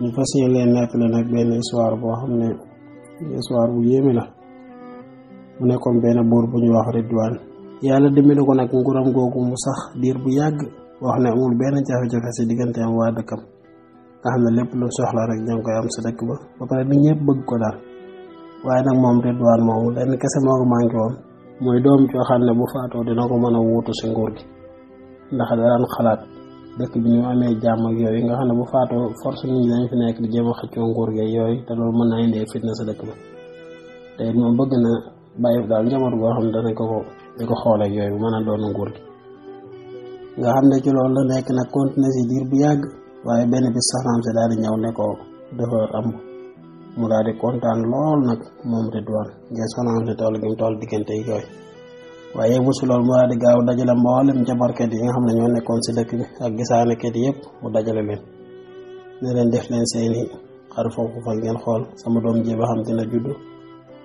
ñu fas yéene leen nekk leen ak benn histoire boo xam ne histoire bu yéeme la mu nekkoon benn buur bu ñu wax Ridwaan yàlla dimbali ko nag nguram googu mu sax diir bu yàgg wax ne amul benn jafe-jafe si diggante am waa dëkkam nga xam ne lépp lu soxla rek ñoo ngi koy am si dëkk ba ba pare nit ñëpp bëgg ko daal waaye nag moom Ridwaan moomu lenn kese moo ko manqué woon mooy doom joo ne bu faatoo dina ko mën a wuutu si nguur gi ndax daan xalaat dëkk bi ñu amee jàmm yooyu nga xam ne bu faatoo force nit ñi fi nekk di jéem a xëccoo nguur gi yooyu te loolu mën naa indee fitna a dëkk bi te it moom bëgg na bàyyi daal njaboot goo xam ne danañ ko ko dañ ko yooyu bu mën a doon nguur gi. nga xam ne ci loolu la nekk na continuer si diir bu yàgg waaye benn bis soxnaam si daal di ñëw ne ko dafa am mu daal di kontaan lool nag moom Ridwaan ngir soxnaam si tool gi mu toll diggante yi yooyu. waaye yëg su loolu mu di gaaw dajale mboolem njabarkat yi nga xam ne ñoo nekkoon si dëkk bi ak gisaanekat yëpp mu dajale leen ne def leen seeni xar foofu fa ngeen xool sama doom ji ba xam dina juddu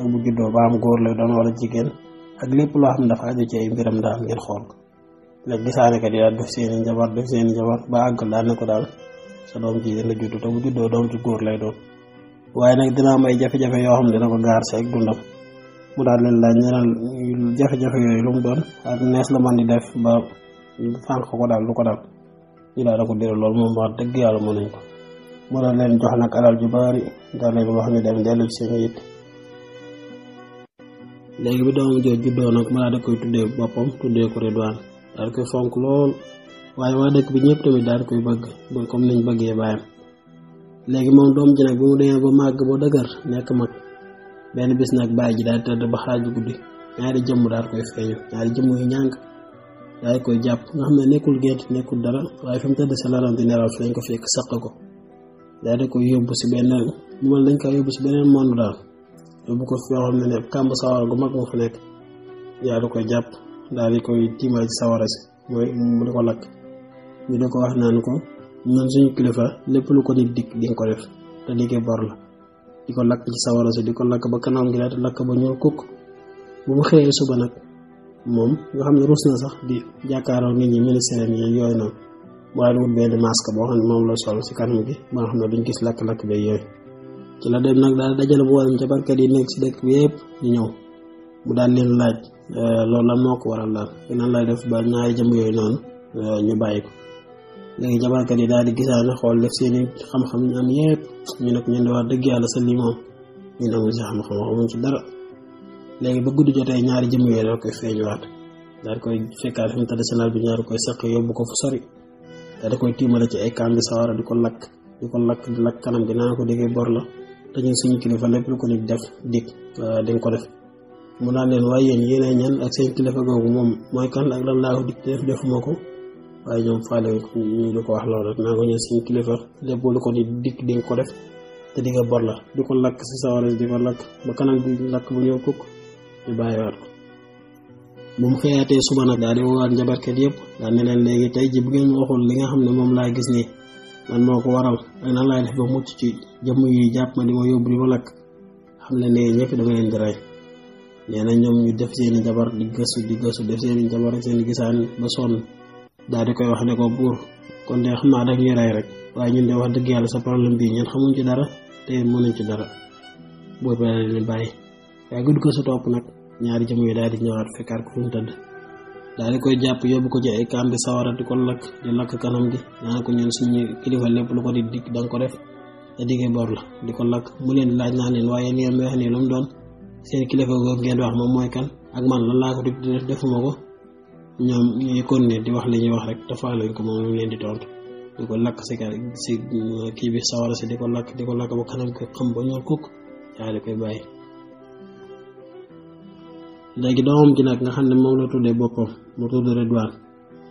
ak bu juddoo ba am góor lay doon wala jigéen ak lépp loo xam dafa aju ci ay mbiram daal ngeen xool léegi gisaanekat yi daal def seeni njabar def seeni njabar ba daal ne ko daal sa doom ji dina juddu te bu juddoo doom ji góor lay doon waaye nag dina am ay jafe-jafe yoo xam ne dina ko gaar si ak dundam mu daal leen laaj ñeneen jafe-jafe yooyu lu mu doon ak nees la man di def ba fànq ko daal lu ko daal ñu daal da ko dire loolu moom wax dëgg yàlla mën nañ ko mu daal leen jox alal ju bari daal leen wax ñu dem dellu ci seen it léegi bi doomam jooju juddoo nag mu daal koy tuddee boppam tuddee ko Ridwaan daal koy fonk lool waaye waa dëkk bi ñëpp tamit daal koy bëgg ba comme niñ bëggee baayam léegi moom doom ji nag bi mu demee ba màgg ba dëgër nekk mag benn bis nag bàyyi ji daal tëdd ba xaaju guddi ñaari jëmm daal koy feeñu ñaari jëmm yu ñàng daal koy jàpp nga xam ne nekkul gént nekkul dara waaye fi mu tëdd sa lalam di nelaw fi lañ ko fekk saq ko daal di koy yóbbu si benn lu dañ koy yóbbu si beneen monde daal yóbbu ko fi xam ne ne kàmb sawara gu mag moo fa nekk yaa di koy jàpp daal di koy tiimal ci sawara si mooy mu di ko lakk ñu di ko wax naan ko ñun suñu kilifa lépp lu ko di dikk di ko def te liggéey bor la di ko lakk ci sawara si di ko lakk ba kanam gi daal lakk ba ñuul kukk bu mu xëyee suba nag moom nga xam ne ruus na sax di jàkkaaroo nit ñi ministère yi yooyu noonu waaye lu wut benn masque boo xam ne moom la sol si kanam gi ba xam ne duñ gis lakk-lakk beeg yooyu ci la dem nag daal dajale mboolem jabarkat yi nekk si dëkk bi yëpp ñu ñëw mu daal leen laaj euh, loolu la moo ko waral daal dinañ lay def ba ñaari jëm yooyu noonu euh, ñu bàyyi ko. léegi jabarkat yi daal di a xool def seen xam-xam ñu am yëpp ñu nag ñun de wax dëgg yàlla sa lii moom ñun amul si xam-xam waxamuñ ci dara léegi ba guddi jotee ñaari jëm yooyu la koy feeñuwaat daal koy fekkaat fi mu traditionnel bi ñaari koy seq yóbbu ko fu sori daal di koy tiimale ci ay kàmbi sawara di ko lakk di ko lakk kanam gi naa ko déggee bor la te suñu kilifa lépp lu ko nit def dik di ko def mu naan leen waaye yéen yéenay ñan ak seen kilifa googu moom mooy kan ak lan laa ko def defuma ko waaye ñoom faale ñu di ko wax loolu rek naa ko ñëw suñu lu ko ni dikk di ko def te di nga bor la di ko lakk si sawara di ko lakk ba kanam di lakk bu ñëw kukk ñu bàyyiwaat ko bu mu xëyaatee suba nag daal di woowaat njabarkat yëpp daal ne leen léegi tey ji bu ngeen waxul li nga xam ne moom laa gis nii man moo ko waral ak nan laay def ba mucc ci jëmm yi jàpp ma di ma yóbbu di ma lakk xam ne ne ñëpp dama leen di rey nee ñoom ñu def seen i jabar di gëstu di gëstu def i jabar ak seen i gisaan ba sonn daal di koy wax ne ko buur kon de xam naa da ñuy rey rek waaye ñun de wax dëgg yàlla sa problème bii ñun xamuñ ci dara te mënuñ ci dara buur bi daal leen bàyyi ko sa topp nag ñaari jëm yi daal di ñëwaat fu mu tëdd daal di koy jàpp yóbbu ko ci ay kaam bi sawara di ko lakk di lakk kanam gi naan ko ñun suñu kilifa lépp lu ko di dikk da nga ko def te diggee bor la di ko lakk mu leen laaj naa leen waaye ni ngeen may nii lu mu doon seen kilifa googu ngeen wax moom mooy kan ak man lan laa ko di def defuma ko ñoom kon continuer di wax li ñuy wax rek Tapha Leñ ko moom lu leen di tontu di ko lakk si si uh, kii bi sawara si di ko lakk di ko lakk ba kanam ko xam ba ñor kukk yaa di koy bàyyi. léegi doomam ji nag nga xam ne moom la tuddee boppam mu tudd Redwan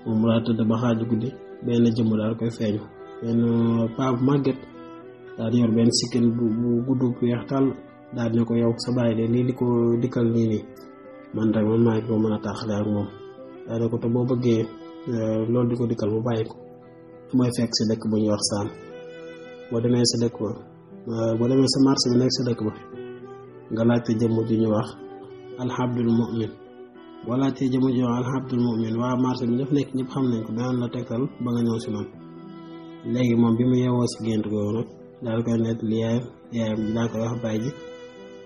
moom laa tëdd ba xaaju guddi benn jëmm daal koy feeñu benn uh, bu màgget daal di yor benn sikkin bu bu gudd bu weex tàll daal ne ko yow sa bàyyi de lii di ko dikkal nii nii man rek ma maa ngi mën a taaxale ak moom. daane ko te boo bëggee euh, loolu di ko dikkal bu bàyyi ko mooy fekk si dëkk bu ñuy wax saam boo demee sa dëkk ba euh, boo demee sa marché bi nekk sa dëkk ba nga laajte jëmm ju ñu wax alhabdul mu'min boo laajtee jëmm ju ñu wax alhabdul mu'min waa marché bi daf nekk ñëpp xam nañ ko daan la tegtal ba nga ñëw si man léegi moom bi mu yeewoo si gént googu nag daal koy nekk li yaayam yaayam bi koy wax bàyyi ji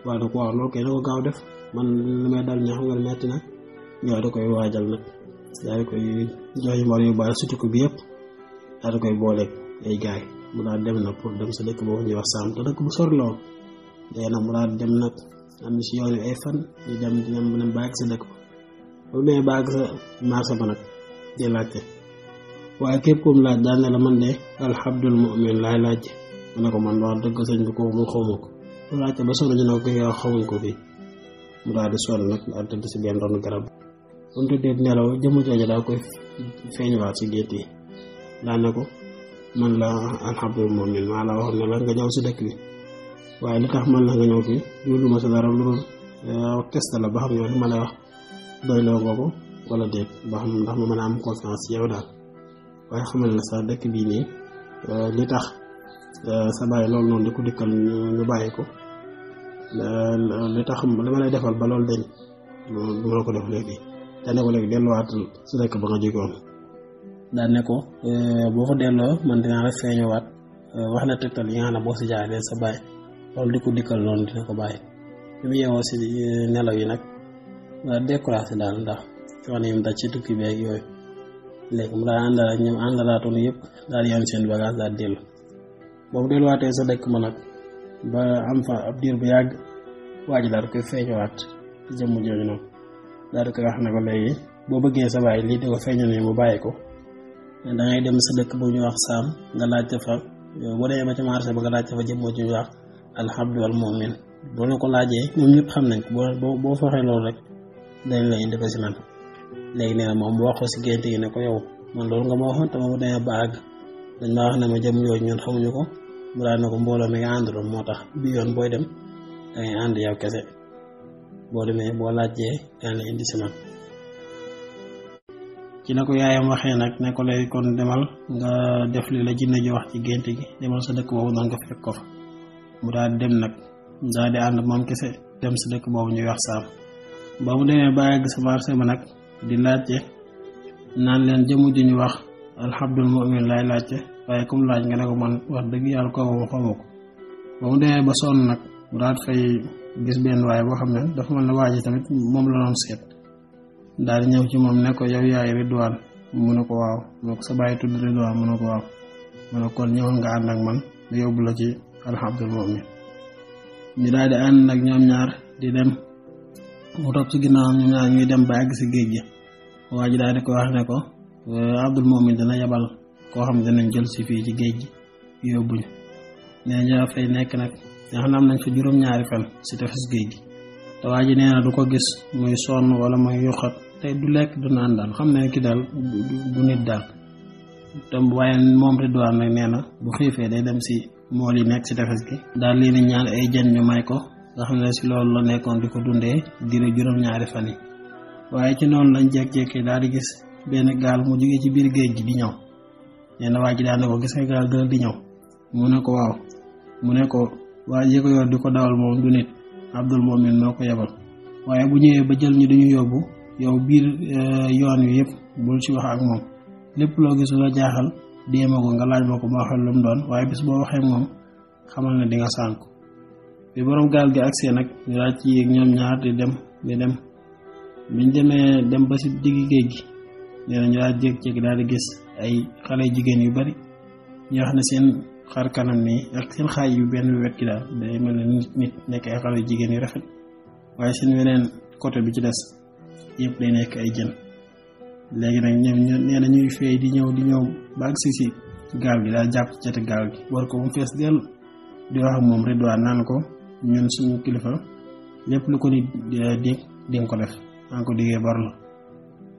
waaw da ko wax loolu kay na ko gaaw def man li may dal ñu xam nga metti na daal di koy waajal nag daal di koy joxe mor yu bari sutuku bi yëpp daal di koy booleeg ay gaay mu daal dem nag pour dem sa dëkk boobu ñuy wax saam dëkk bu sori lool dee nag mu dem nag am si yoon wi ay fan di dem di dem dem sa dëkk ba bu dee baag sa marché ba nag di laajte waaye képp ku mu laaj daal man de alhamdul mu'min laay laaj mu ne ko man wax dëgg sëñ bi kooku mu xawma ko mu ba sonn ñu ne ko yow xamuñ ko fii mu daal di sonn nag daal tëdd si benn ron garab bu ñu tuddee nelaw jëmm jooju daa koy waar si gétt yi daan na ko man la alhamdulilah moom mi maa la waxoon ne la nga ñëw si dëkk bi waaye li tax man la nga ñëw fii ma si dara lu eh, test la ba xam ne li ma lay wax doyloo nga ko wala déet ba xam ndax ma mën a am confiance ci yow daal waaye xamal na sa dëkk bii nii eh, li tax eh, sa bàyyi loolu noonu di ko dikkal ñu bàyyi ko li tax li ma lay defal ba loolu dañ du ma la ko def léegi. daa ne ko léegi su dëkk ba nga daa ne ko eh, boo fa delloo man dinaa la eh, wax na tegtal boo si jaaree sa bàyyi loolu di ko dikkal noonu dina ko eh, nelaw yi nag découragé daal ndax coono yi mu ci tukki beeg yooyu léegi mu daal yëpp daal di seen bagage daal dellu boobu sa dëkk ma nag ba am fa ab diir bu yàgg waaj daal koy feeñuwaat jëmm jooju noonu daal di ko wax na ko léegi boo bëggee sa baay lii di ko feeñal ne mu bàyyi ko da ngay dem sa dëkk bu ñu wax saam nga laajte fa boo demee ba ci marché ba nga laajte fa jëmmoo ci ñu wax alhamdu wal mumin boo la ko laajee ñoom ñëpp xam nañ ko boo boo faxee loolu rek dañ la indi ba si man léegi nee na moom mu wax ko si gént gi ne ko yow man loolu nga ma waxoon te moom dama ba àgg dañ ma wax ne ma jëm yooyu ñun xamuñu ko mu daal ne ko mbooloo ma nga ànduloon moo tax bi yoon booy dem dangay ànd yow kese boo demee boo laajtee daan la indi si man ci la ko nag ne lay kon demal nga la jinne ji wax ci gént gi demal sa dëkk boobu noonu nga fekk ko fa dem nag daal ànd moom kese dem sa dëkk boobu ñuy wax saam ba mu demee ba yàgg sa nag di laajte naan leen jëmu ji ñu wax alxabdul mu'min lay laajte waaye comme laaj nga ne ko man wax dëgg yàlla koo ma xamoo ko ba mu demee ba sonn nag mu daal fay gis benn waaye boo xam ne dafa mel ne waa ji tamit moom la doon seet daal di ñëw ci moom ne ko yow yaay Ridwaan mu ne ko waaw mu ne sa bàyyi tudd Ridwaan mu ne ko waaw mu ne kon ñëwoon nga ànd man yóbbu la ci alhamdul mumin ñu daal di ànd nag ñoom ñaar di dem mu topp ci ginnaawam ñoom ñuy dem ba àgg si géej gi waa ji daal di ko wax ne ko eh, abdul mumin dina yebal koo xam ne dinañ jël si fii ci géej gi yóbbuñ nee ñoo fay nekk nga xam ne am nañ fa juróom-ñaari fan si tefes géej gi te waa ji nee na du ko gis muy sonn wala muy yuqat tey du lekk du naan daal xam ne ki dal bu nit daal tam waaye moom Ridwaan nag nee na bu xiifee day dem si mool yi nekk ci tefes gi daal lii ni ay jën ñu may ko nga xam ne si loolu la nekkoon di ko dundee diiru juróom-ñaari fan yi waaye ci noonu lañ jékki-jékki daal di gis benn gaal mu jógee ci biir géej gi di ñëw nee na waa ji daan ko gis nga gaal gën di ñëw waa ji ko di ko dawal moom du nit Abdul Momin moo ko yebal waaye bu ñëwee ba jël ñu duñu yóbbu yow biir eh, yoon wi yëpp bul ci wax ak moom lépp loo gis la jaaxal déema ko nga laaj ma ko ma waxal lu doon waaye bis boo waxee moom xamal ne di nga sànku bi boroom gaal gi agsee nag ñu daal ci yéeg ñoom ñaar di dem di dem biñ demee dem ba si digg géej gi nee na ñu daal jékki-jékki daal di gis ay xale jigéen yu bari ñu wax ne seen xar kanam nii ak seen xaaj yu benn wet ki daal day mel ne nit nekk ay xale jigéen yu rafet waaye seen weneen côté bi ci des yëpp day nekk ay jën léegi nag ñoom nee na ñuy fay di ñëw di ñëw ba ak si si gaal gi daal jàpp ci cati gaal gi war ko mu fees dell di wax ak moom Ridwaan naan ko ñun suñu kilifa lépp lu ko nit di di nga ko def maa ko diggee bor la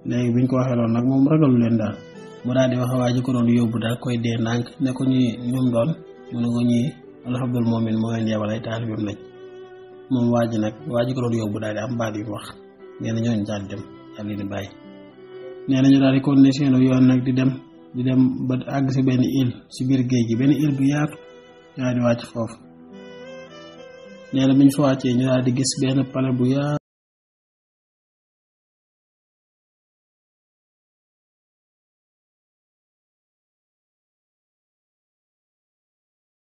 léegi bi ñu ko waxee nag moom ragalu leen daal. mu daal di wax waa ji ko doon yóbbu daal koy dee ndànk ne ko ñii ñum doon mu ne ko ñii alxabdul moomin moo leen yebal ay taalibeem lañ moom waa ji nag waa ji ko doon yóbbu daal di am baat yu wax nee na ñooñu dem daal di bàyyi. nee na daal di continuer yoon nag di dem di dem ba àgg si benn il si biir géej gi benn il bu yaatu ñu daal di wàcc foofu nee bi ñu fa wàccee ñu daal di gis benn palais bu yaatu.